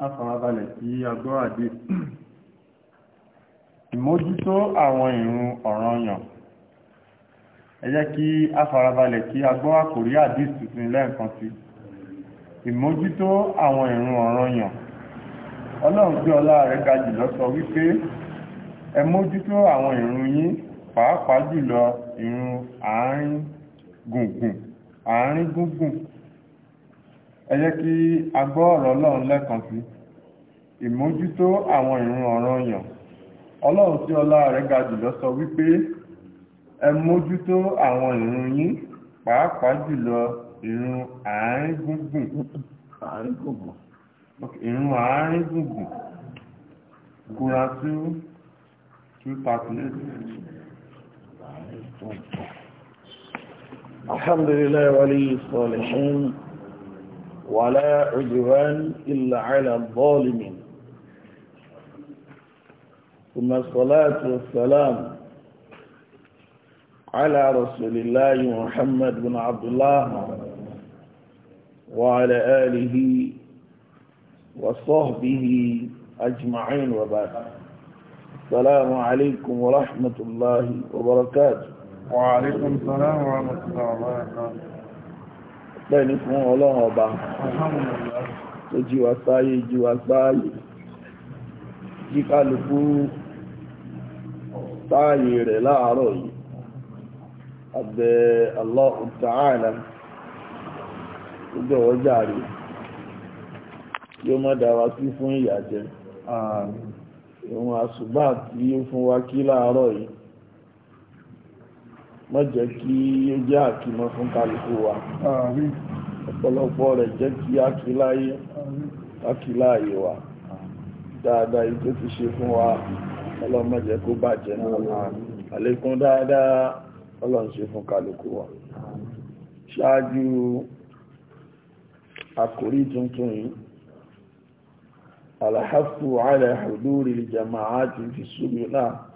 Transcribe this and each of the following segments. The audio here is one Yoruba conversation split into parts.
afarabalẹ̀ sí agbọ́ àdé ìmójútó àwọn ìrun ọ̀ranyàn ẹ jẹ́ kí afarabalẹ̀ kí agbọ́ àkórí àdé tuntun lẹ́ẹ̀kan sí ìmójútó àwọn ìrun ọ̀ranyàn ọlọ́run gbé ọlá rẹ̀ ga jùlọ sọ wípé ẹ mójútó àwọn ìrun yín pàápàá jùlọ ìrun àárín gbùngbùn àárín gbùngbùn ẹ jẹ́ kí a gbọ́ ọ̀rọ̀ ọlọ́run lẹ́ẹ̀kan sí ìmójútó àwọn ìrun ọ̀ranyàn ọlọ́run tí ọlá rẹ̀ ga jùlọ sọ wípé ẹ mójútó àwọn ìrun yín pàápàá jùlọ ìrun àárín gbùngbùn ìrun àárín gbùngbùn kúra sí two thirty eight. الحمد لله ولي الصالحين ولا عدوان إلا على الظالمين ثم الصلاة والسلام على رسول الله محمد بن عبد الله وعلى آله وصحبه أجمعين وبعد السلام عليكم ورحمة الله وبركاته وعليكم السلام ورحمة الله وبركاته pẹ́ ní fún ọlọ́run ọba tó jí wa sáyé jí wa sáyé jí kálukú sáyé rẹ̀ láàárọ̀ yìí abẹ́ Allah ta'ala gbogbo ọjà rẹ̀ yóò má dára sí fún ìyàjẹ́ ohun àṣùgbà tí ó fún wa kí láàárọ̀ yìí má jẹ́ kí ó jẹ́ àkímọ́ fún kálukú wa ọ̀pọ̀lọpọ̀ rẹ̀ jẹ́ kí ákíláyé ákíláyé wa dáadáa yìí tó ti ṣe fún wa ọlọ́mọ jẹ́ kó bàjẹ́ náà àlékún dáadáa ọlọ́run ṣe fún kálukú wa ṣáájú àkórí tuntun yìí alhafu ala huduri jama'ati fi subula náà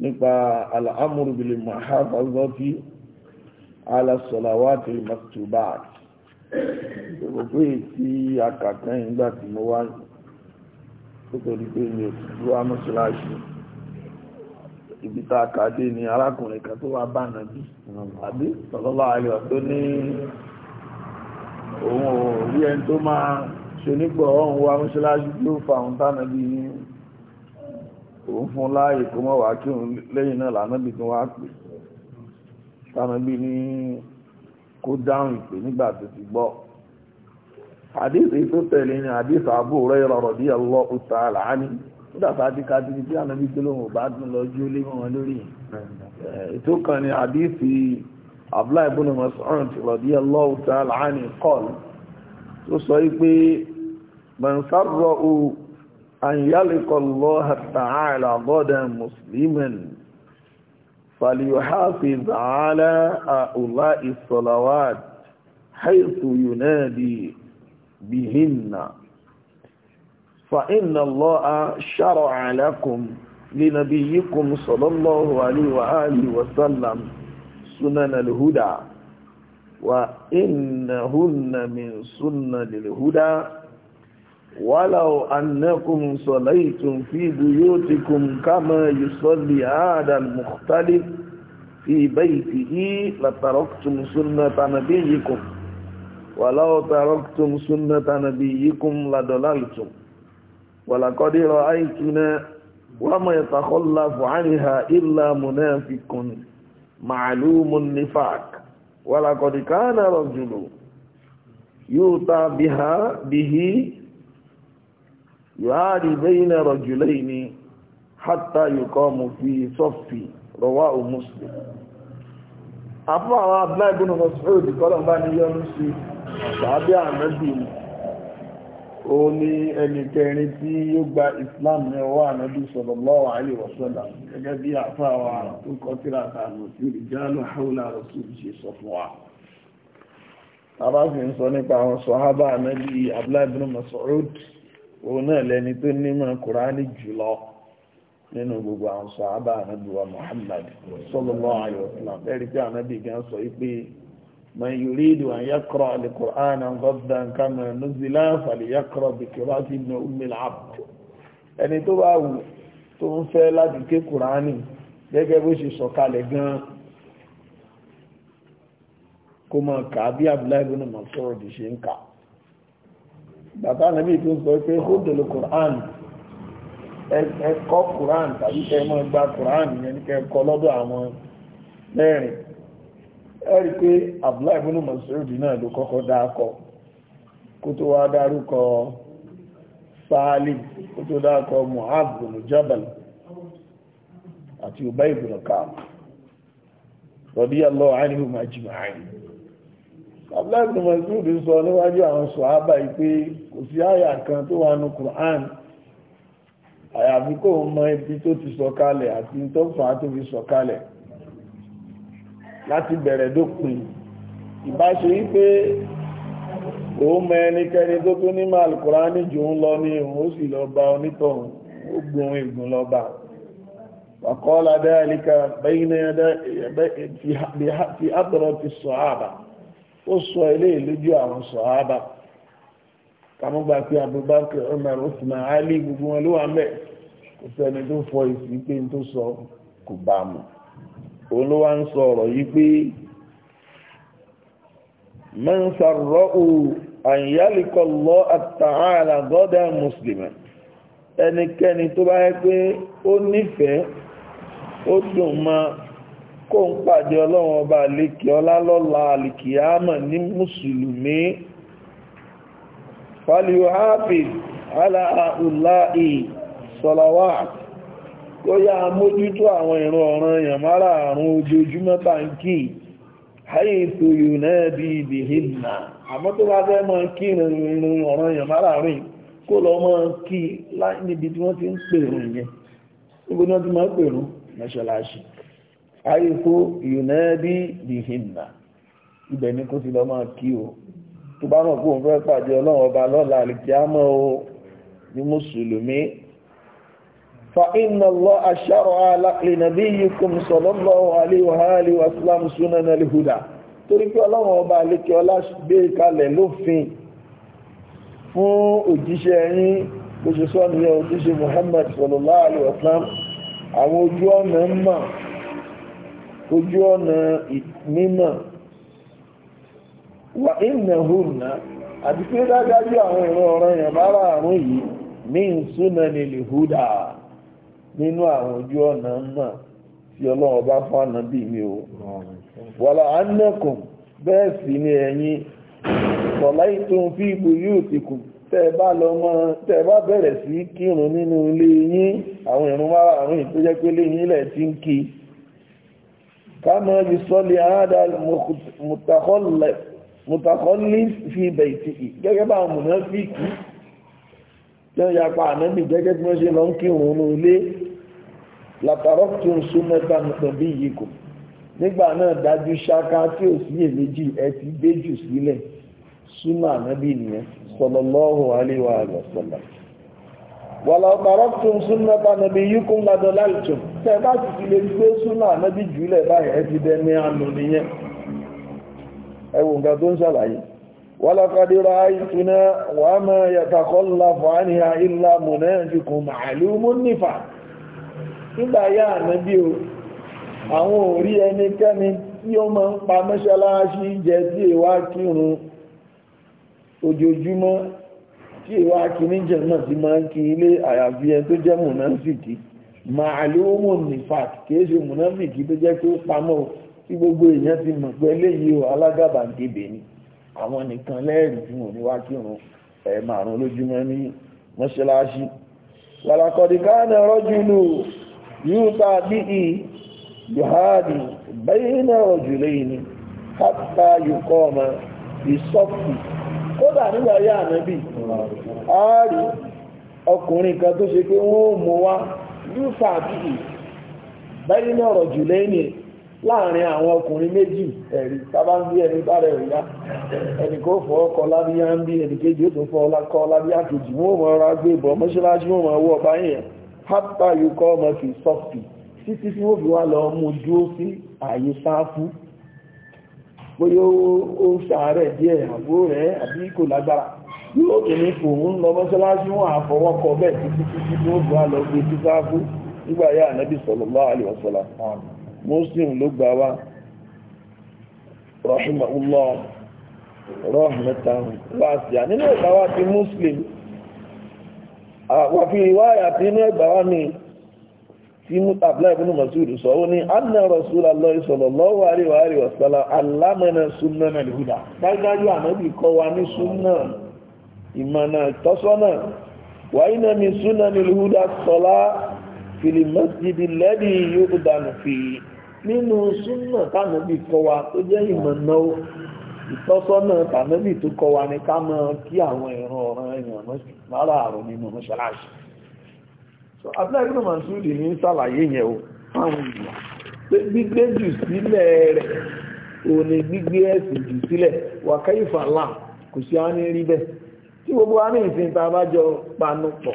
nípa al'amuru bil muhafazati ala salawati maktubat gbogbo èsì akàkàn ìgbà tí mo wá nítorí pé mi ò tún wá mọ́ṣáláṣí ibi tá a kàdé ni arákùnrin kan tó wá bá nàbí àbí sallallahu alaihi wa tó ní òun ò rí ẹni tó máa ṣe nígbà ọ̀hún wá mọ́ṣáláṣí òun fún láàyè kó mọ́ wá kí òun lẹ́yìn náà lànàbì tó wá pè tánàbì ní kó dáhùn ìpè nígbà tó ti gbọ́ àdéhùn tó tẹ̀lé ni àdéhùn Abu Hurairah radiyallahu ta'ala anhu nígbà tá a ti ka tí ànàbì tó lóun bá dùn lọ jú lé wọn lórí ètò kan ni àdéhùn Abdullahi ibn Mas'ud radiyallahu ta'ala anhu qala tó sọ wípé man sarra'u أن يلق الله تعالى غدا مسلما فليحافظ على هؤلاء الصلوات حيث ينادي بهن فإن الله شرع لكم لنبيكم صلى الله عليه وآله وسلم سنن الهدى وإنهن من سنن الهدى ولو أنكم صليتم في بيوتكم كما يصلي هذا المختلف في بيته لتركتم سنة نبيكم ولو تركتم سنة نبيكم لضللتم ولقد رأيتنا وما يتخلف عنها إلا منافق معلوم النفاق ولقد كان رجل يؤتى بها به yùhárì bẹ́yìnà rọ̀jùlẹ̀ ní hátà fi sọ́fì rọwáhù muslim afọ́ àwọn abúláìbùn mọ̀sílẹ̀ kọ́lọ̀ bá ní yọ́nú sí o ní eni kẹrin tí ó gba islam ní ọwọ́ ànábì sallallahu alaihi wasallam gẹ́gẹ́ bí afọ́ àwọn tó kọ́ tíra àtàlù tí ìjálù haúlà rọ̀ sí tàbá fi ń sọ nípa àwọn òun náà lẹni tó nímọ̀ kùránì jùlọ nínú gbogbo àwọn sàhábà ànábì wa Muhammad sallallahu alaihi wasallam ẹ̀rí pé ànábì gan sọ pé man yuridu an yaqra al-Qur'ana ghaddan kama nuzila falyaqra bi qira'ati ibn Umm al-Abd ẹni tó bá wù tó ń fẹ́ láti ké kùránì gẹ́gẹ́ bó ṣe sọ̀kalẹ̀ gan kó máa kà bí Abdullahi ibn Mas'ud ṣe ń kà bàbá nàbí tó sọ pé hódòlù quran ẹ̀kọ́ quran tàbí kẹ́ mọ́ gba quran yẹn ní lọ́dọ̀ àwọn mẹ́rin ẹ rí i pé abdullahi ibn náà ló kọ́kọ́ dákọ kó tó wá dárúkọ Salim kó tó dákọ Mu'adh bin Jabal àti Ubay bin abdullahi masud sọ níwájú àwọn sọ̀hábà pé kò sí àyà kan tó wà ní Qur'an àyàfi kó mọ ibi tó ti sọ̀kalẹ̀ àti tó fà á tó fi sọ̀kalẹ̀ láti bẹ̀rẹ̀ dópin ìbáṣe wípé òun mọ ẹnikẹ́ni tó tó nímọ̀ alukurani jù ń lọ ní òun ó sì lọ bá onítọ̀hún ó gbóhun ìgbùn lọ bá wàkọ́ọ́lá dáríkà bẹ́yìn náà fi àtọ̀rọ̀ ti sọ̀hábà ó sọ ilé ìlójú àwọn sọ̀hábà kàmúgbà pé Abubakar Umar Usman Ali gbogbo wọn ló wà mẹ́ kò sẹ́ni tó fọ ìsìn pé tó sọ kò bá mu ń sọ ọ̀rọ̀ yìí pé man sarra'u an yalqa ẹnikẹ́ni kó ń pàdé ọlọ́run ọba àlékè ọlá lọ́la àlìkìyàmọ̀ ní mùsùlùmí falihafiz aláàláì sọ̀làwà kó yá mójútó àwọn ìran ọ̀ràn èèyàn mára àrùn ojoojúmọ́ tàǹkì àyètò yonẹ́bí ìbìhìnà àmọ́ tó bá fẹ́ mọ́ kí ìrìn ọ̀ràn èèyàn mára àrùn kó lọ mọ́ kí níbi tí wọ́n ti ń pèrò yẹn níbi tí wọ́n ti máa ń pèrò mọ́ṣáláṣí àyíkó yunadi bihinna ibẹ̀ ni kó ti lọ máa kí o tó bá mọ̀ kó ń fẹ́ pàdé ọlọ́run ọba lọ́la àlìkíámọ́ o ní mùsùlùmí fa inna Allah ashara'a li nabiyyikum sallallahu alaihi wa alihi wa sallam àwọn ojú ọ̀nà ń mọ̀ ojú ọ̀nà mímọ̀ wà ìnàhùnà àti pé dájájú àwọn ìran ọ̀rọ̀ èèyàn bára àrùn yìí ní ìsúná ní húdà nínú àwọn ojú ọ̀nà náà tí ọlọ́run bá fún o anẹ́kùn bẹ́ẹ̀ sì ni kọ̀lá fi ipò yóò ti kù tẹ́ ẹ bá lọ tẹ́ ẹ bá bẹ̀rẹ̀ sí kírun nínú ilé yín àwọn tó كما يصلي هذا المتخلف متخلف في بيته gẹ́gẹ́ bá àwọn mùnáfíkì yóò ya pa ànábì gẹ́gẹ́ bí wọ́n ṣe lọ ń kírun ní ilé lataraktum sunnata nabiyyikum nígbà náà dájú ṣáká tí ò sí èméjì ẹ ti gbé jù sílẹ̀ súnà ànábì nìyẹn sallallahu alaihi wa sallam wàlá ọ̀tàrọ́tún súnmọ́ta nàbí yíkún ládọ́ láìtún tẹ́ bá ti fi lè gbé súnmọ́ ànábì jùlẹ̀ báyìí ẹ ti dẹni ànú nìyẹn ẹwù nǹkan tó ń ṣàlàyé wàlá kadìrọ̀ àìtúná wà á máa yàtàkọ́lá fàánìyà ìlà mùnà ìfikùn màálù mú nífà nígbà yá o àwọn òrí ẹnikẹ́ni tí ó máa pa mọ́ṣáláṣí jẹ sí ìwá kírun ojoojúmọ́ tí ìwà kìíníjẹ̀ náà ti máa ń kí ilé àyàfi ẹ tó jẹ́ mùnáfìkì màálùmù nìfàt kìí ṣe mùnáfìkì tó jẹ́ pé ó pamọ́ tí gbogbo èèyàn ti mọ̀ pé eléyìí o alágàbàǹgebè ni àwọn nìkan lẹ́ẹ̀rí tí wọn ò ní wá kírun ẹ̀ márùn lójúmọ́ ní mọ́ṣáláṣí wàlàkọ̀dìkánà rọ́júlù yóò ta bí i yòhádì bẹ́yìn náà rọ̀jùlẹ̀ yìí ni kódà nígbà yá ànábì ààrí ọkùnrin kan tó ṣe pé wọ́n o mú wá lúfà bíi bẹ́ẹ̀ ní ọ̀rọ̀ jù awọn láàrin àwọn ọkùnrin méjì ẹ̀rí sábà ń bí ẹni bá rẹ̀ ríyá ẹni kó fọ́ ọkọ̀ lábíyá ń bí ẹni kejì ó tó fọ́ ọlákọ́ lábíyá kejì ọba yẹn yóò kọ́ ọmọ fi títí tí wọ́n fi wá bóyá ó sàárẹ̀ díẹ̀ àbó rẹ̀ àbí kò lágbára yóò tó ní òun lọ mọ́sálásí wọn àfọwọ́kọ bẹ́ẹ̀ títí títí tí ó gbà lọ gbé títí áfú nígbà yá ànábì sallallahu alaihi tí inú ẹgbà wá ni tí abúlé ibùdó masud sọ ó ní anna rasulullahi sallallahu alaihi wa sallam alámẹ́nà súnmọ́ náà lùdà dájúdájú ànábì kọ́ wa ní súnmọ́ ìmọ̀nà tọ́sọ́nà wàyí náà mi súnmọ́ ní lùdà sọlá fìlì masjid lẹ́dí yóò dànù fi nínú súnmọ́ tànábì kọ́ wa tó jẹ́ ìmọ̀nà ìtọ́sọ́nà tànábì tó kọ́ wa abdullahi ibn Mas'ud ní sàlàyé yẹn o fáwọn èèyàn pé gbígbé jù sílẹ̀ rẹ̀ ò ní gbígbé ẹ̀sìn jù sílẹ̀ wà kẹ́yìfà láà kò sí á rí bẹ́ẹ̀ tí gbogbo ìsìn bá jọ panu pọ̀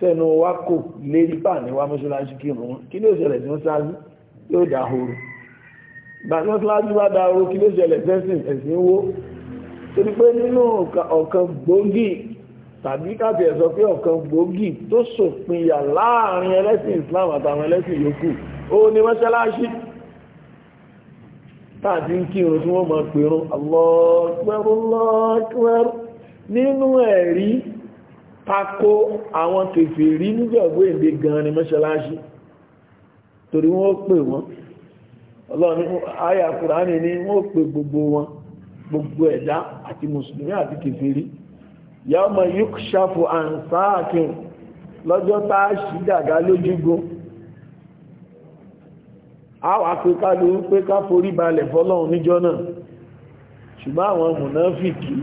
tẹnu wa kò mọ́ṣáláṣí tàbí káfí ẹ̀ sọ pé ọ̀kan gbòógì tó ṣòpinya láàrin ẹlẹ́sìn Islam àtàwọn ẹlẹ́sìn yòókù ó ní mọ́ṣáláṣí tàbí ń kírun tí wọ́n máa pèrún allọ́ọ̀kẹ́rù nínú ẹ̀rí tako àwọn kèfèrí níjọ̀gbé èdè gan ni mọ́ṣáláṣí torí wọ́n pè wọ́n ọlọ́ni ayà Kùránì ni wọ́n pè gbogbo wọn gbogbo ẹ̀dá yọ́mọ̀ yíkṣàfù àǹsáàkì lọ́jọ́ táà sí gàgá lójúgun a wà pé ká ló pé ká forí balẹ̀ fọ́lọ́run níjọ́ náà ṣùgbọ́n àwọn mùnáfìkì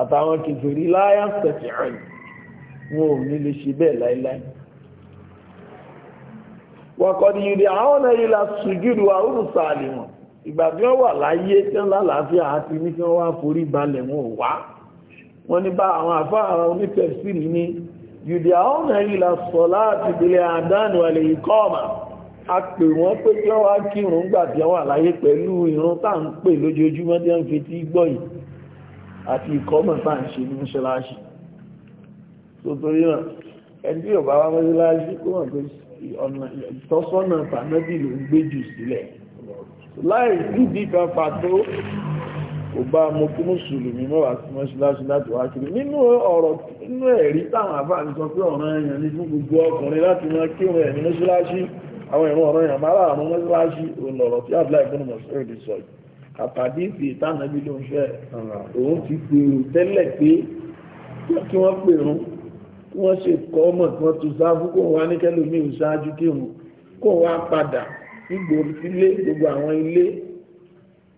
àtàwọn kìfèrí láyá pẹ̀tẹ̀ rẹ̀ wọn ò ní lè ṣe bẹ́ẹ̀ láíláí wọ̀kọ̀dì ìrìn àwọn ilà sùjúdù àrùn sàálì wọn ìgbà tí wọ́n wà láyé tí wọ́n àti ní kí wọ́n wá forí balẹ̀ wọn wá wọ́n ní bá àwọn àfá àwọn onítẹ̀sí ní yìdí àwọn ìlà sọ láti ìdílé àdánù alẹ́ ìkọ́ọ̀mà a pè wọ́n pé kí wọ́n wá kírun gbà tí wọ́n wà láyé pẹ̀lú ìrun tá à ń pè lójoojúmọ́ tí wọ́n fi tí gbọ́ yìí àti ìkọ́mà tá à ń ṣe ní mọ́ṣáláṣí sotori náà ẹni tí ọba wa mọ́ṣáláṣí kó wọ́n pé ìtọ́sọ́nà tàbí ló ń gbé jù sílẹ̀ láì sí ìdí kan pàtó kò bá mú kí mùsùlùmí mọ́wàá sí mọ́ṣíláṣí láti wá kiri nínú ọ̀rọ̀ nínú ẹ̀rí táwọn àfáàní sọ pé ọ̀ràn èèyàn ní fún gbogbo ọkùnrin láti máa kírun ẹ̀ ní mọ́ṣíláṣí àwọn ìran ọ̀ràn èèyàn máa àrùn mọ́ṣíláṣí olọ̀rọ̀ tí àbúlá ìgbónú mọ̀ṣẹ́rì sọ yìí àtàdé ìfì ìtànàbí ló ń fẹ́ òun ti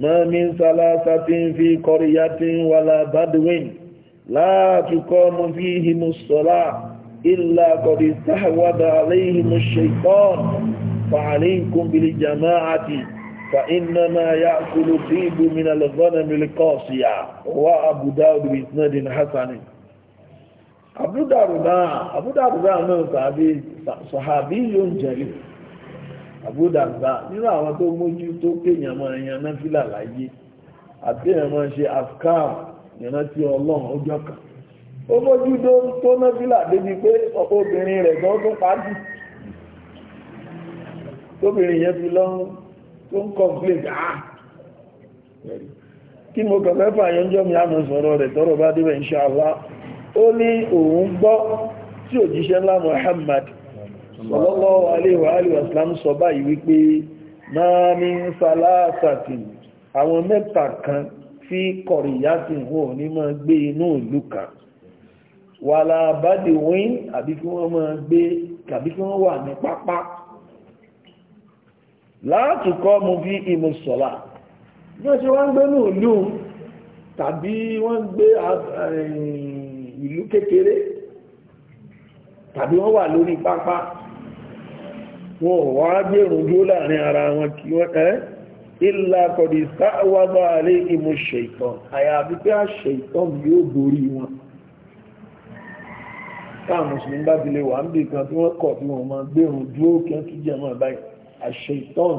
ما من ثلاثة في قرية ولا بدو لا تقام فيهم الصلاة إلا قد استحوذ عليهم الشيطان فعليكم بالجماعة فإنما يأكل طيب من الغنم القاسية وأبو داود بإسناد حسن أبو داود أبو داود صحابي صحابي جليل àbúdàgbà nínú àwọn tó mójú tó kéèyàn máa yan náfìlà láyé àti èèyàn máa ṣe afkar ìrántí ọlọ́run ọjọ́ kan ó mójú tó náfìlà débi pé obìnrin rẹ̀ gan tó pàdé tóbìnrin yẹn fi lọ́rùn tó ń complain ah kí mo kàn fẹ́ fàyànjọ́ mi àmọ́ sọ̀rọ̀ rẹ̀ tọ́rọ̀ bá débẹ̀ Muhammad sallallahu alaihi wa alihi wasallam sọ báyìí wípé máa ní sálásàtì àwọn mẹ́ta kan tí kọ̀rìyàtì wọn ò ní máa gbé inú ìlú kan wàlá àbádì wín àbí kí wọ́n máa gbé tàbí kí wọ́n wà ní pápá látùkọ́ mú bí ìmùsọ̀lá bí wọ́n ṣe wá gbé ní ìlú tàbí wọ́n gbé eh, ìlú kékeré tàbí wọ́n wà lórí pápá wọn wá gbèrún jó láàrin ara wọn kí wọ́n ẹ́ ìlà kọ̀dì sáwọ́bà alẹ́ ìmú ṣètàn àyàfi pé àṣètàn yóò borí wọn táà mùsùlùmí bá ti lè wà ń bì kan tí wọ́n kọ̀ tí wọ́n máa gbèrún jó kí wọ́n jẹ́ mọ́ báyìí àṣètàn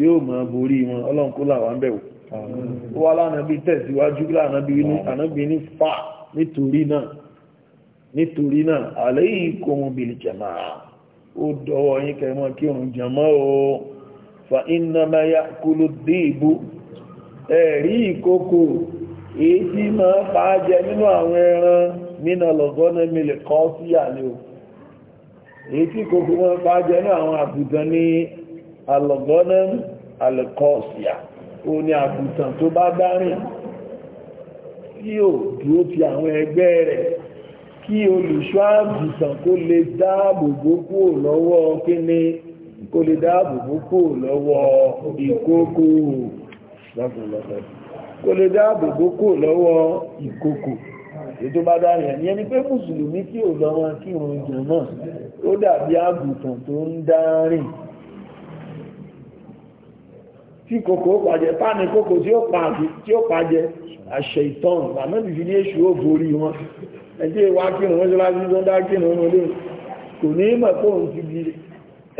yóò máa borí wọn ọlọ́run kó làwọn bẹ̀wò wọ́n alánàbí tẹ̀síwájú lánàbí ní fà nítorí náà bìlì jẹ̀máà ó dọwọ́ yín kẹmọ́ kí òun jẹmọ́ o fa iná máa yá kúlù dìbò ẹ̀rí ìkókò èyí tí máa jẹ nínú àwọn ẹran nínú lọ́gọ́nà kọ́ sí àlè o èyí tí kòkò máa jẹ nínú àwọn àbùtàn ní alọ́gọ́nà alẹ́kọ́ọ̀sìá ó ní àbùtàn tó bá dárìn tí dúró kí olùṣọ́ àgùntàn kó lè dáàbò bò kúrò lọ́wọ́ kíní kó lè dáàbò bò kúrò lọ́wọ́ ìkókò kó lè dáàbò bò kúrò lọ́wọ́ ìkókò ètò bá dáàrin ẹ̀ni ẹni pé mùsùlùmí tí ò lọ́wọ́ kí òun jẹ náà ó dàbí àgùntàn tó ń dárìn tí kòkó pàjẹ páni kòkó tí ó pàjẹ àṣẹ ìtọ́n àmọ́bìfì ní èṣù ó borí wọn ẹjẹ́ ìwá kírùn wọ́n jọlá jí lọ́dá kírùn ún olóòrùn kò ní mọ̀ kó ń ti di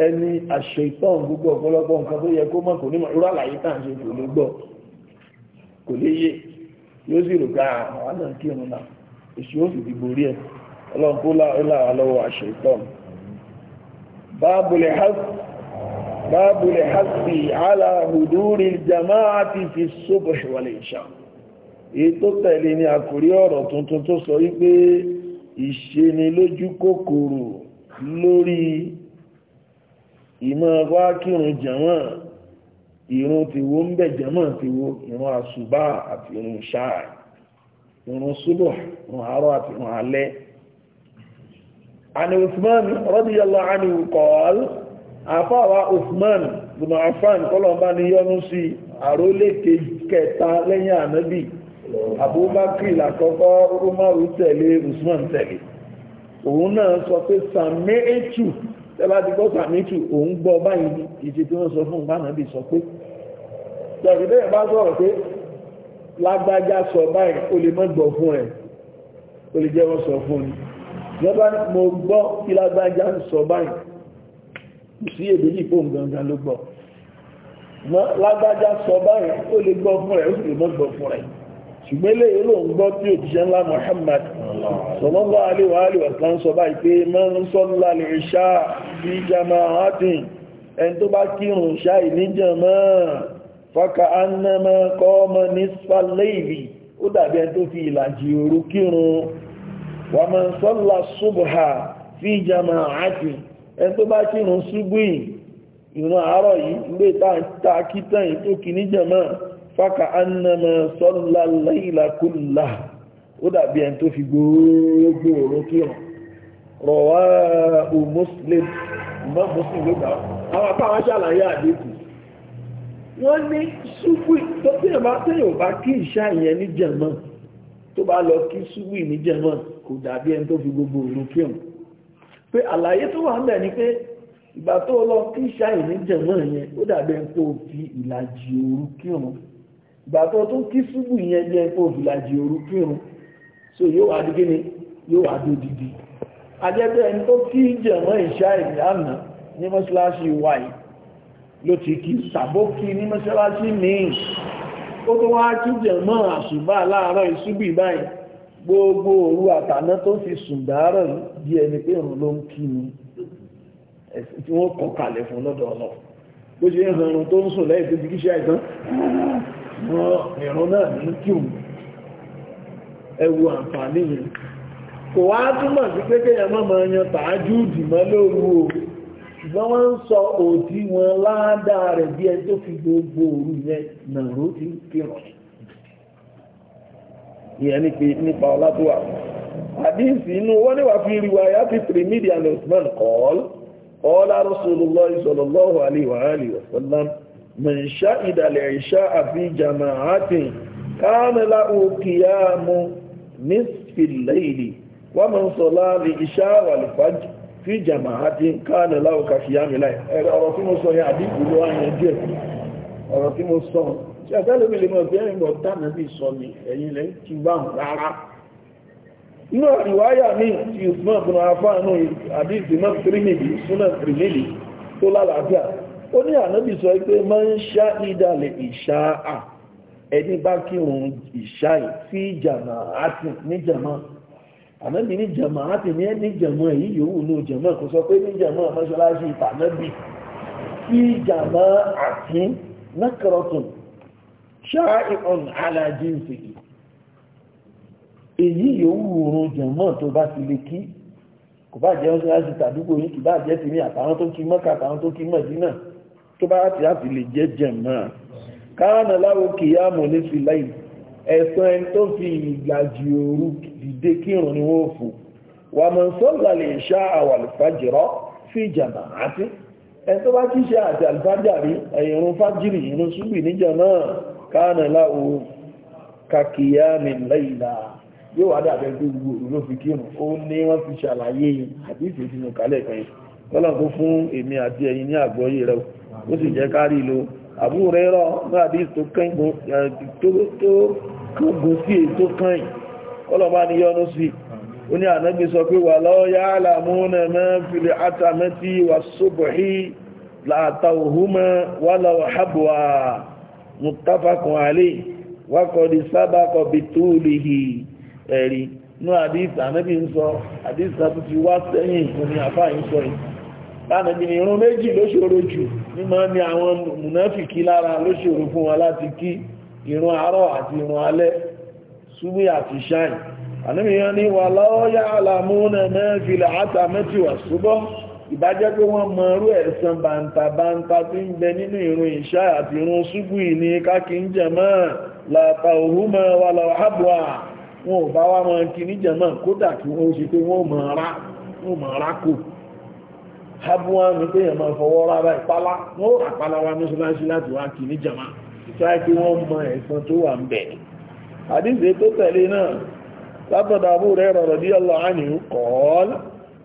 ẹni àṣẹ ìtàn gbogbo ọ̀pọ̀lọpọ̀ nǹkan tó yẹ kó mọ̀ kò ní mọ̀ rúrà láyé tàn ṣe kò ló gbọ́ kò lè yé yóò sì rò ká ah, àwọn náà kírùn náà èṣù ó sì ti borí ẹ ọlọ́run kó láwà lọ́wọ́ àṣẹ ìtàn báàbùlẹ̀ hásì àlàhùdúrí jamaati fi sóbò wal ìṣà èyí tó tẹ̀lé ni àkórí ọ̀rọ̀ tuntun tó sọ wípé ìṣenilójú kòkòrò lórí ìmọ̀ wá kírun jẹ̀wọ̀n ìrun tìwó ń bẹ̀ jẹ̀mọ̀ tìwó ìrun àṣùbá àti ìrun ṣáà ìrun súbọ̀ ìrun àárọ̀ àti ìrun alẹ́ àni Usman radiyallahu anhu qal àfáwà Usman bin Affan kọlọ̀mbá ni yọ́nú sí àrólé kẹta lẹ́yìn ànábì Abubakar làkọ́kọ́ Umaru tẹ̀lé Usman tẹ̀lé òun náà sọ pé sàmé ètù tẹ́lá ti gbọ́ sàmé ètù òun gbọ́ báyìí ìṣe tí wọ́n sọ fún gbànàbì sọ pé tẹ̀gbẹ́dẹ́ bá sọ̀rọ̀ pé lágbájá sọ báyìí o lè mọ́ gbọ́ fún ẹ̀ o lè jẹ́ wọ́n sọ fún ni lọ́bá mo gbọ́ kí lágbájá sọ báyìí sí èdè yìí pò ń gangan ló gbọ́ lágbájá sọ báyìí o lè gbọ́ fún ẹ̀ o sì lè mọ́ gbọ́ fún ẹ̀ ṣùgbọ́n eléyìí ló ń gbọ́ tí òjíṣẹ́ ńlá Muhammad sọlọ́gbọ́ aléwà aléwà kan sọ báyìí pé mẹ́rin sọ́lá lè ṣá bí jama hatin ẹn tó bá kírun faka annama qama nisfa layli ó dàbí ẹn tó fi ìlàjì wà mẹ́rin fi jama hatin tó bá ṣúgbìn àárọ̀ yìí fáka annama sọ́lá láìlákúlá ó dàbí ẹni tó fi gbogbo òru kírun rọ̀wá o muslim mọ́ muslim ló gbà àwọn apáwọn ṣàlàyé àdékù wọ́n ní ṣúgbù tó tẹ́yàn bá tẹ́yàn bá kí ìṣá ìyẹn ní jẹ̀mọ́ tó bá lọ kí ṣúgbù ní jẹ̀mọ́ kò dàbí ẹni tó fi gbogbo òru kírun pé àlàyé tó wà ń bẹ̀ ni pé ìgbà tó lọ kí ìṣá ìyẹn ní jẹ̀mọ́ yẹn ó dàbí ẹni tó fi ìlàjì òru kírun ìgbà tó tún kí ṣubú ìyẹn jẹ́ epo ìlàjì òru kírun so yóò wá dígé ni yóò wá dó dìdì ajẹ́bẹ́ ẹni tó kí jẹ̀mọ́ ìṣá ìdáná ní mọ́ṣáláṣí wáyé ló ti kí tàbó kí ní mọ́ṣáláṣí míì ó tó wá kí jẹ̀mọ́ àṣùbà láàárọ̀ ìṣúbì báyìí gbogbo òru àtàná tó fi sùn dàárọ̀ bí ẹni ni tí wọ́n kọ kalẹ̀ fún lọ́dọ̀ ọlọ́ bó ṣe ń hanrun tó ń wọ́n ìran náà ní jù ẹwu àǹfààní yìí kò wá túmọ̀ sí pé kéèyàn má máa yan tààjú ìdìmọ́ lóru o ṣùgbọ́n wọ́n ń sọ òdí wọn ládàá rẹ̀ bí ẹni tó fi gbogbo òru yẹn nàró ti ń ìyẹn ní pé nípa àdínsì inú wọ́n níwà Rasulullah sallallahu من شهد العشاء في جماعة كان له قيام نصف الليل ومن صلى العشاء والفجر في جماعة كان له كقيام الليل ọ̀rọ̀ tí mo sọ yẹn àdíkù ló wá yẹn jẹ́ ọ̀rọ̀ tí mo sọ ṣe àtẹ́lómi lè mọ̀ sí ẹ̀yìn bọ̀ tánà bí sọ mi ẹ̀yìn lẹ́ ti bá ń rárá inú àríwáyà ní ti Usman bin Affan àdíkù náà tírínìdì súnà tírínìdì tó lálàáfíà ó ní ànábì sọ pé máa ń ṣá ìdàlẹ̀ ìṣá à ẹni bá kírun ìṣá ì sí jàmà àti ní jàmà ànábì ní jàmà àti ní ẹni jàmà èyí yòówù ní jàmà kò sọ pé ní jàmà mọ́ṣáláṣí ìtànábì sí jàmà àti nákàrọ̀tún ṣá ìhàn alájíǹsì èyí yòówù oorun jàmà tó bá ti lè kí kò bá jẹ́ mọ́ṣáláṣí tàdúgbò yìí kì bá jẹ́ tìmí àtàwọn àtàwọn tó kí mọ́dínà tó bá ti láti lè jẹ́ jẹ̀mọ́ káànà láwo kìyàmù ní filayi ẹ̀sán ẹni tó fi ìlàjì òru dìde kírun ni wọ́n fò wà mọ̀ sọ́là lè ṣá àwàlùfàjìrọ́ fi ìjàmbá àti ẹni tó bá kí ṣe àti àlùfájàrí ẹ̀yìnrún fájìrì ìrún súbì níjà náà káànà láwo kàkìyàmù láìlà yóò wá dàbẹ́ gbogbo òru ló fi kírun ó ní wọ́n fi ṣàlàyé àdífèsì nù kálẹ̀ kan yìí kọ́lọ̀ ó sì jẹ́ kárí lo Abu Hurairah gbáàdí tó kángun sí ètò kan ọlọ́bá ni yọ́nú sí ó ní ànábì sọ pé wà lọ́ọ́ yá àlàmúnà mẹ́fìlẹ̀ àtàmẹ́tì wà sóbòhí látàwòhúmọ́ wà lọ́wọ́ hábùwà mutafakun lánàbí ni irun méjì ló ṣòro jù mímọ́ ni àwọn mùnáfìkí lára ló ṣòro fún wọn láti kí irun àárọ̀ àti irun alẹ́ ṣúgbé àti ṣáìn àníbìyàn ni wà lọ́ọ́yà alamúnà mẹ́fìlà àtàmẹ́tì wà ṣúgbọ́ ìbájẹ́ pé wọ́n mọ irú ẹ̀san bàǹtàbàǹtà tí ń bẹ nínú irun ìṣá àti irun ṣúgbù ìní káàkì ń jẹ̀mọ́ làtà òhúmọ́ wà lọ àbúà wọn ò bá wá mọ kì ní jẹ̀mọ́ kódà kí wọ́n ṣe pé wọ́n mọ̀ ọ́rá habuwa ní pé èèyàn máa fọwọ́ rárá ìpálá wọ́n ó àpálá wa mọ́ṣáláṣí láti wá kì ní jama ṣáà kí wọ́n mọ ẹ̀san tó wà ń bẹ̀. àdíṣe tó tẹ̀lé náà látọ̀dọ̀ Abu Hurairah radiyallahu anhu qala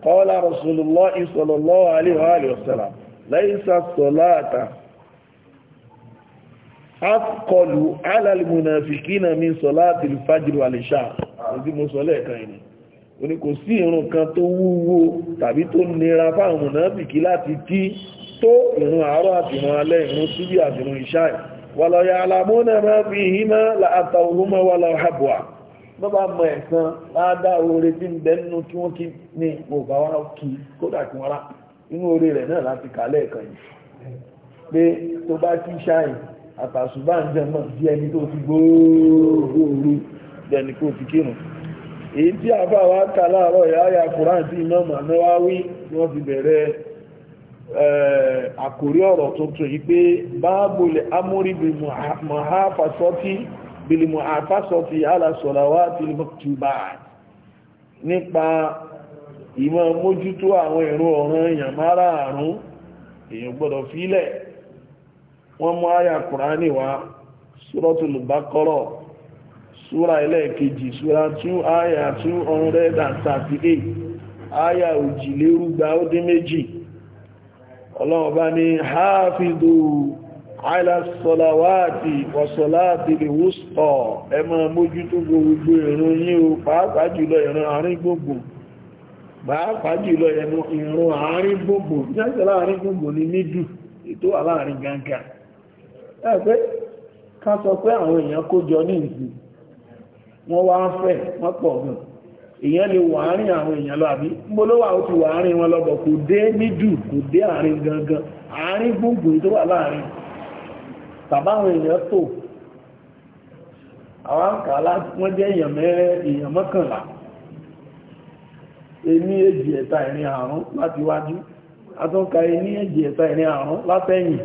qala Rasulullah sallallahu alaihi wa sallam laysa salata afqalu ala al min salati al wal-isha' ó ní kò sí ìrun kan tó wúwo tàbí tó nira fáwọn mùnáfìkì láti kí tó ìrun àárọ̀ àti ìrun alẹ́ ìrun súbí àti ìrun ìṣáì wàlọ̀ ya alamọ́nà máa fi ìhìnà láàtà olúmọ̀ wà lọ àbúwà bọ́ bá mọ̀ ẹ̀sán láàdá oore tí ń bẹ nínú kí wọ́n kí ní ọba wá kí kódà kí wọ́n rá inú oore rẹ̀ náà láti kàlẹ̀ ẹ̀kan yìí pé tó bá kí ṣáì àtàṣùbá ń jẹ mọ̀ bí ẹni tó fi gbóòrò dẹni kó fi kírun èyí tí àbá wa kà láàárọ̀ ìyá ayà kùrán tí iná mànáwá wí wọ́n fi bẹ̀rẹ̀ eh, àkórí ọ̀rọ̀ tuntun yìí pé báàbò lè amúrí bìlìmọ̀ àfásọ́tì alásọ̀làwà tí lè mọ́kútùbà nípa ìmọ̀ mójútó àwọn ìrun ọ̀ràn èèyàn márààrún èèyàn gbọ́dọ̀ fílẹ̀ wọ́n mú àyà kùránì wá Suratul Baqarah súra ẹlẹ́ẹ̀kejì súra 2 àyà 238 àyà òjìlérúgba ó dín méjì ọlọ́run bá ní hafidu aláṣọ́láwàtì wọ̀sọ̀láàtì ìwúsọ̀ ẹ máa mójútó gbogbo ìrun yín o pàápàá jùlọ ìrun àárín gbogbo pàápàá jùlọ ìrun àárín gbogbo jáṣẹ́ láàárín gbogbo ní mídù ètò aláàárín gangan ẹgbẹ́ ká sọ pé àwọn èèyàn kó jọ ní ìsìn wọ́n wá fẹ́ wọ́n pọ̀ gan èèyàn lè wà áárín àwọn èèyàn lọ àbí gbólówà ó ti wà áárín wọn lọ́bọ̀ kò dé nídù kò dé àárín gangan àárín gbùngbùn tó wà láàárín tàbáwọn èèyàn tó àwọn àkàlá wọ́n jẹ́ èèyàn mẹ́rẹ́ èèyàn mọ́kànlá ení èjì ẹ̀ta ìrìn àrùn láti wájú atọ́ka ení èjì ẹ̀ta ìrìn àrùn látẹ̀yìn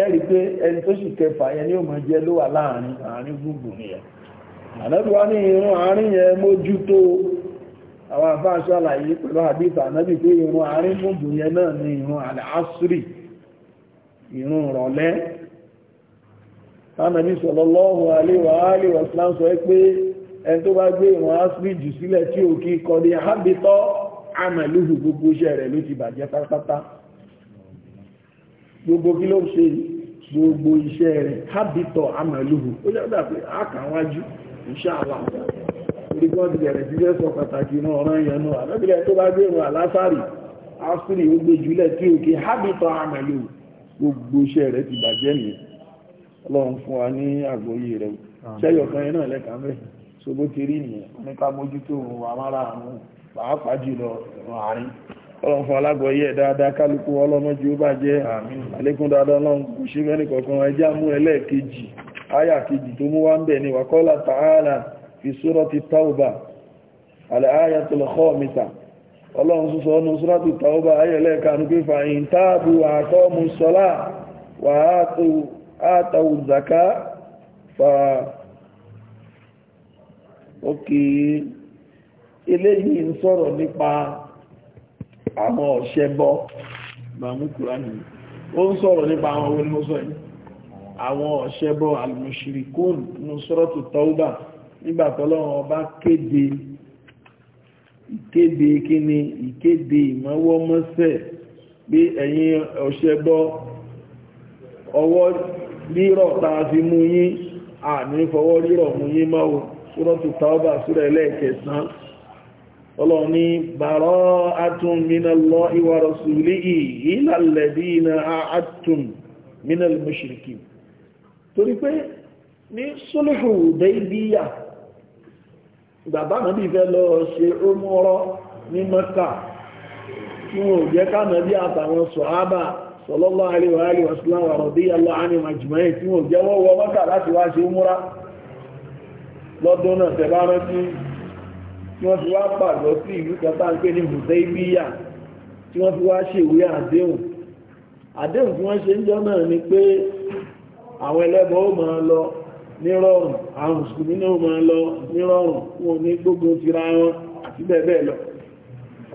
ẹ rí pé ẹni tó sì kẹfà ẹni ò ànábì wá ní irun àárín yẹn mójútó àwọn àfáà ṣàlàyé pẹ̀lú àdíta ànábì pé irun àárín múbù yẹn náà ni irun àlàásírì irun rọ̀lẹ́ tánàbí sallallahu alaihi wa wa pé ẹ tó bá gbé irun àásírì jù sílẹ̀ tí kí gbogbo iṣẹ́ rẹ̀ ló ti bàjẹ́ gbogbo kí gbogbo iṣẹ́ rẹ̀ àmàlúhù ó pé àkàwájú ìṣàlá orígbọ́n ti bẹ̀rẹ̀ sí fẹ́ sọ pàtàkì náà ọ̀rọ̀ ìyẹnú àlọ́bìnrin tó bá gbèrò àlásàrì asiri ó gbé jùlẹ̀ tí ó kí hábìtọ̀ àmàlò gbogbo iṣẹ́ rẹ̀ ti bàjẹ́ nìyẹn ọlọ́run fún wa ní àgbóyé rẹ̀ ṣẹ́yọ̀ kan yẹn náà lẹ́ka mẹ́ so bó ti rí nìyẹn nípa mójútó òun àmàrà àrùn pàápàá jùlọ àárín ọlọ́run fún alágbọ̀yé ẹ̀ dáadáa kálukú ọlọ́mọ jù ó bàjẹ́ àlékún dáadáa áyà kejì tó mú ń bẹ̀ ni wàkọ́lá ta'ala fi surati tauba al-ayatul khamisa ọlọ́run sọ́sọ́ ọ́nà surati tauba pé fa in wa aqamu wa zaka fa ókè eléyìí ń nípa àwọn ọ̀ṣẹ́bọ bàmúkúrá ó ń nípa àwọn yìí àwọn ọ̀ṣẹ́bọ almushrikun ní sọ́rọ̀tù tọ́úbà nígbàtọ́lọ́wọ́ ọba kéde ìkéde kíni ìkéde ìmọ́wọ́mọ́sẹ̀ pé ẹ̀yin ọ̀ṣẹ́bọ ọwọ́ rírọ̀ ta fi mú yín àní fọwọ́ rírọ̀ mú yín mọ́ o sọ́rọ̀tù tọ́úbà súrẹ̀ ẹlẹ́ẹ̀kẹsàn ọlọ́ni bàrọ́ atún minallahi wa rasulihi ila alladina àátùn mushrikin torí pé ní sólùfù dẹ́ibíyà bàbá náà bí fẹ́ lọ ṣe ómọ́rọ́ ní mọ́ta tí wọ́n jẹ́ kánà bí àtàwọn sọ̀hábà sọlọ́lọ́ àríwá àríwá síláwà rọ̀bí yàlọ́ àníwà jùmọ́ tí wọ́n jẹ́ wọ́wọ́ mọ́ta láti wá ṣe ómọ́rá lọ́dún náà tẹ̀bá rántí tí wọ́n fi wá pàgọ́ sí ìlú kẹta ń pè ní hùdẹ́ibíyà tí wọ́n fi wá ṣèwé àdéhùn àdéhùn tí wọ́n ṣe ń jọ náà ni pé àwọn ẹlẹ́bọ ó máa lọ nírọ̀rùn àwọn mùsùlùmí náà máa lọ nírọ̀rùn wọn ní gbógun tira wọn àti bẹ́ẹ̀ bẹ́ẹ̀ lọ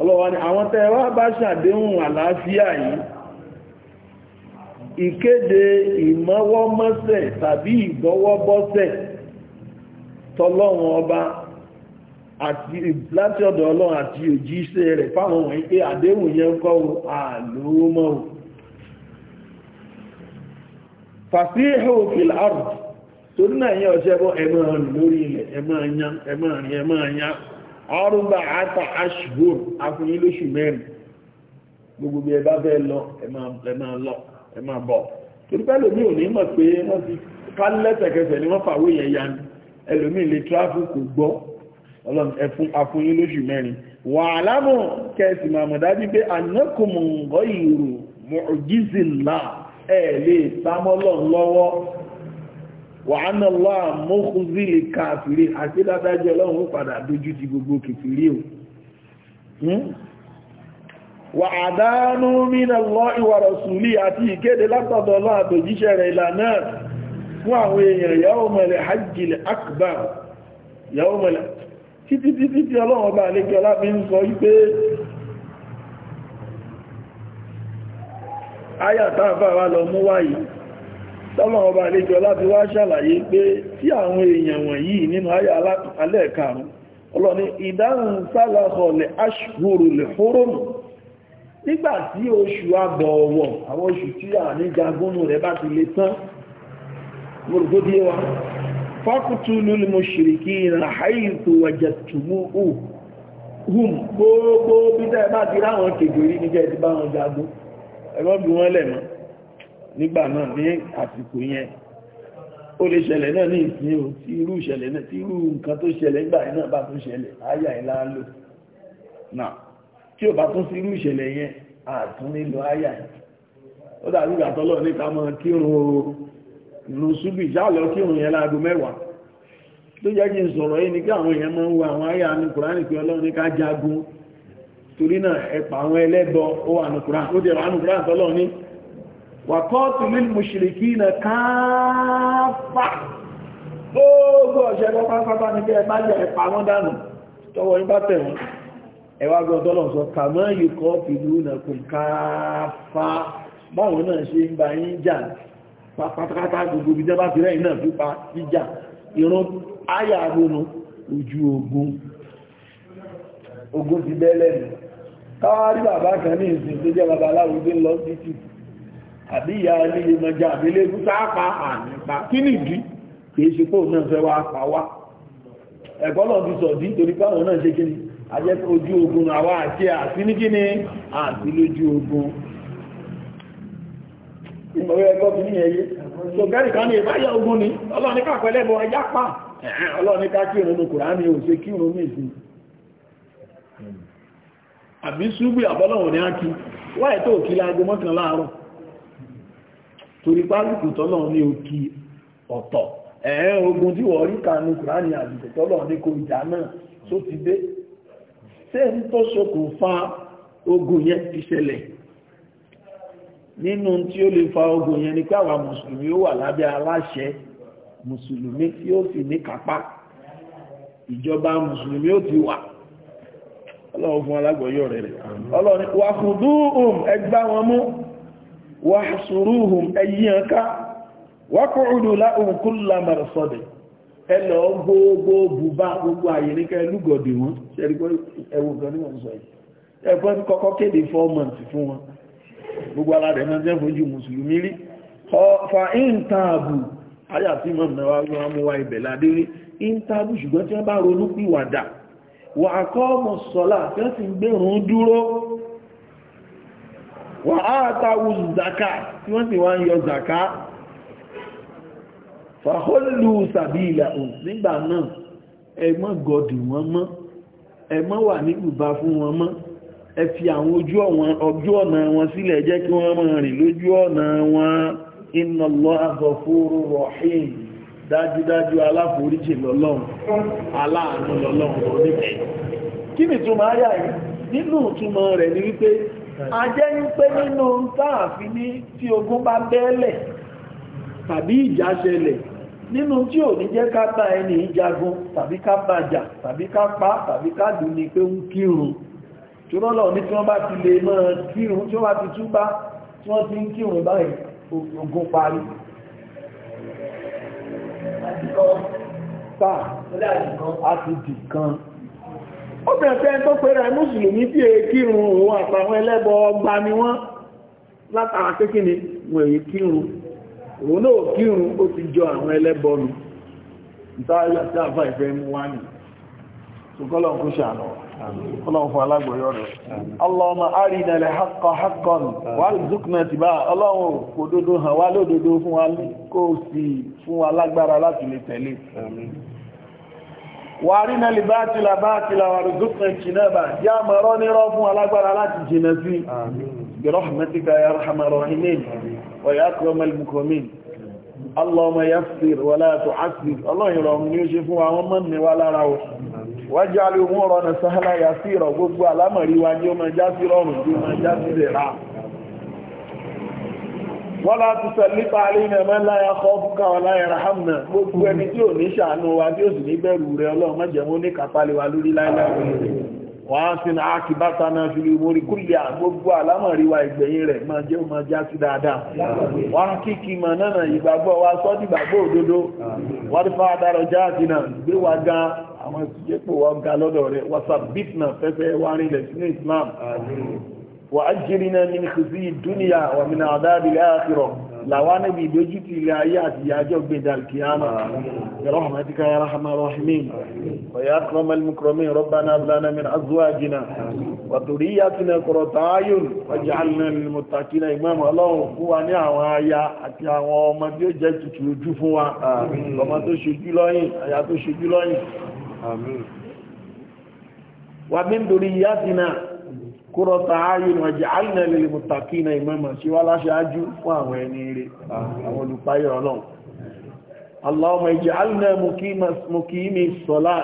ọlọ́wà ni àwọn tẹ́ wá bá ṣàdéhùn àlàáfíà yìí ìkéde ìmọ́wọ́mọ́sẹ̀ tàbí ìgbọ́wọ́bọ́sẹ̀ tọlọ́run ọba àti láti ọ̀dọ̀ ọlọ́run àti òjíṣẹ́ rẹ̀ fáwọn wọ̀nyí pé àdéhùn yẹn kọ́ àlòó mọ́ fàṣíhù fil ard torí náà yẹ ọ̀ṣẹ́ bọ́ ẹmọ́ rìn lórí ilẹ̀ ẹmọ́ yán ẹmọ́ rìn ẹmọ́ yán ọrùnbà àtà ashhur afúnyí lóṣù mẹ́rin gbogbo bí ẹ bá fẹ́ lọ ẹmọ́ lọ ẹmọ́ lè tráfù kò gbọ́ ẹfún afúnyí lóṣù mẹ́rin wà lámù kẹsì màmúdájú pé anákùnmù ngọ́ ìrù mu'jizillah ẹ lè sámọ́lọ̀ lọ́wọ́ wàhánà lọ́wọ́ mọ́kúzílì káàfìrí àti dádájọ́ ọlọ́run padà dojú ti gbogbo kìfìrí o wà àdánú mínà lọ ìwà rọ̀sùlì àti ìkéde látọ̀dọ̀ ìlànà fún àwọn èèyàn ayàtàfà wà lọ mú wáyìí tọ́lọ̀wọ́ bá lẹ́jọ láti wá ṣàlàyé pé tí àwọn èèyàn wọ̀nyí nínú ayà alẹ́ẹ̀karùn ọlọ́ni ìdáhùn sálàkọ̀ lè aṣòro lè hóròmù nígbàtí oṣù àbọ̀ọ̀wọ̀ àwọn oṣù tí a ní jagúnnù rẹ̀ bá ti lè tán mọ̀rọ̀gbọ́díẹwà fákútúlù mọ̀ṣìrìkì ìrìnàháìtò wàjẹ̀tùmú ẹgbọ́n bí wọ́n lẹ̀ mọ́ nígbà náà ní àsìkò yẹn ó lè ṣẹlẹ̀ náà ní ìsìn o tí irú ìṣẹ̀lẹ̀ náà tí irú nǹkan tó ṣẹlẹ̀ nígbà náà bá tún ṣẹlẹ̀ àyà ìlà ń lò náà tí ò bá tún sí irú ìṣẹ̀lẹ̀ yẹn àtún nílò àyà ó dàbí ìgbà ní ká máa kírun o ìrun jálọ kírun yẹn láago mẹ́wàá tó jẹ́ kí n sọ̀rọ̀ yìí ni kí àwọn èèyàn máa ń wo àwọn àyà ní Kùránì pé Ọlọ́run ní ká jagun torí náà ẹ̀pà àwọn ẹlẹ́bọ ó wà ní kùrán ó jẹ́ wà ní kùrán tọ́lọ́ ní wàkọ́ọ̀tù lílù mùṣìríkí na káàpà gbogbo ọ̀ṣẹ́ lọ pátápátá ní bẹ́ẹ̀ bá yẹ ẹ̀pà wọn dànù tọwọ́ yín bá tẹ̀ wọ́n ẹwà gan tọ́lọ̀ sọ kàmọ́ yìí kọ́ fìlú na kò gbogbo ibi bá ti rẹ́yìn náà fífa jíjà ìrún áyà ojú ogun ogun ti bẹ́ẹ̀ lẹ́nu táwa rí bàbá kan ní ìsìn tó jẹ́ bàbá aláwùdé lọ títì àbí ìyá ní ìmọ̀já àbílẹ́gún sáàpá ànípa kí nìdí kìí ṣe pò náà fẹ́ wá pa wá ẹ̀kọ́ sọ̀ dí torí pàwọn náà ṣe kíni ajẹ́ ojú ogun àwa àti àti ní kíni àti lójú ogun ìmọ̀wé ẹ̀kọ́ fi ní ẹyẹ kan ogun ni àbí ṣúgbì àbọ́lọ̀wọ̀n ní ákí wáyé tó kí láago mọ́kàn láàárọ̀ torí pálùkù tọ́lọ̀ ní òkì ọ̀tọ̀ ẹ̀ẹ́ ogun tí wọ́n rí kanú kùránì àdìkò fa ogun ni pé àwọn mùsùlùmí ó wà lábẹ́ aláṣẹ mùsùlùmí tí ó sì ní kápá ìjọba mùsùlùmí ó ti wà ọlọ́run fún alágbọ̀yọ́ rẹ̀ rẹ̀ ọlọ́run wà fún dúhùn ẹgbá wọn mú wà ṣùrúhùn ẹ̀yìn ká wákùnrùdù láhùn kúlà mẹ́rẹ̀sọ́dẹ̀ ẹlọ gbogbo bùbá gbogbo àyè ní kẹ́ lúgọ̀dì wọn ẹwù gan ní wọ́n sọ yìí ẹ̀fọ́ ti kọ́kọ́ kéde four months fún wọn gbogbo ara rẹ̀ máa jẹ́ fojú mùsùlùmí rí wà àkọ́ọ̀mù sọ́lá tí ó sì ń gbẹ̀rún dúró wà áàtàwù tí wọ́n sì wá yọ zaka fàhólù sàbílà nígbà náà ẹmọ́ gọdì wọn mọ́ ẹmọ́ wà ní fún wọn mọ́ ẹ fi àwọn ojú wọn sílẹ̀ jẹ́ kí wọ́n rìn lójú wọn rahim dájúdájú aláforíjì lọ́lọ́run aláàánú lọ́lọ́run oníkẹ́ kí ni túnmọ̀ ayà yìí nínú túnmọ̀ rẹ̀ ni wípé a jẹ́ ń pé nínú táàfin ní tí ogun bá bẹ́ẹ̀lẹ̀ tàbí ìjà ṣẹlẹ̀ nínú tí ò ní jẹ́ ká bá ẹni ìjagun tàbí ká bàjà tàbí ká pa tàbí ká dùn ní pé ń kírun tí lọ́lọ́ ní tí wọ́n bá ti lè mọ́ kírun tí wọ́n bá ti túbá tí wọ́n ti ń kírun báyìí ogun parí sáà àti dìkan ó bẹ̀rẹ̀ tó pé rẹ̀ mùsùlùmí tí è kírun òun àtàwọn ẹlẹ́bọ ọgbà ni wọ́n látara kékíní wọ́n èyí kírun òun náà kírun ó ti jọ àwọn ẹlẹ́bọ nù ìtàlẹ́ àti àfà ìfẹ́ mú wá nìí Sùgbọ́n kú ṣàánà, ọlọ́run fún alágbòyọ́ rẹ̀. Allahumma arina al-haqqa haqqan warzuqna ittiba'a. Ọlọ́run kò dodo hàn wá lódodo fún wa kó sì fún wa lágbára láti lè tẹ̀lé. alágbára láti jìnà sí. Bi rahmatika ya arhamar rahimin wa ya akramal mukramin. Allahumma yassir wa wájálù mú rọ̀nà sáhálà yà sí ìrọ̀ gbogbo alámọ̀rí wa ní ó máa já sí rọrùn tí ó máa já sí rẹ̀ rà wọ́n láti sẹ̀lí parí ní ẹ̀mẹ́ láyá kọ́ọ̀bùkà wọ́n láyá gbogbo ẹni tí ò ní ṣàánú wa tí ó sì ní bẹ̀rù rẹ̀ ọlọ́run mẹ́jẹ̀mú ní kàpálẹ̀ lórí láìláì wọ́n sì ní àkìbátà náà fi lórí kúlẹ̀ gbogbo alámọ̀ríwá ìgbẹ̀yìn rẹ̀ máa jẹ́ máa já sí dáadáa wọ́n kíkì mọ̀ náà ìgbàgbọ́ wa sọ́ òdodo wọ́n ti fa jáàtì náà gbé wa gan àwọn ìsìnkú wa ga lọ́dọ̀ rẹ̀ whatsapp làwọn níbi ìdójútì ilẹ̀ ayé àti ìyájọ́ gbẹ̀dà kìíyàmà برحمتك يا رحمة الرحمين ويا أكرم المكرمين ربنا أبلانا من أزواجنا وذرياتنا قرة أعين واجعلنا للمتقين إماما الله fún wa ní àwọn aya àti wa min duriyatina kúrọta ayín wàjìálìnà lilmuttaqina imama sí wá láṣáájú fún àwọn ẹni rẹ̀ àwọn olùpáyọ̀ ọlọ́run Allahumma ij'alna muqima muqimi as-salat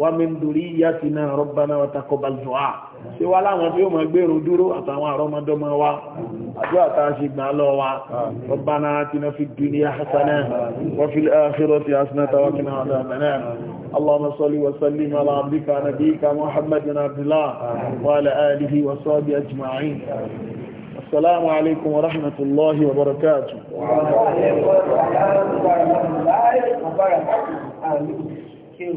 wa min dhurriyyatina rabbana wa taqabbal du'a ṣe wá láwọn tí ó mọ̀ gbérun dúró àtàwọn àrọmọdọ́mọ wa àdúrà tá ṣe gbà lọ wa Rabbana atina fid dunya hasanah wa fil akhirati hasanah wa qina adhaban nar اللهم نبيك محمد بن عبد وعلى اله وصحبه اجمعين السلام عليكم ورحمة الله وبركاته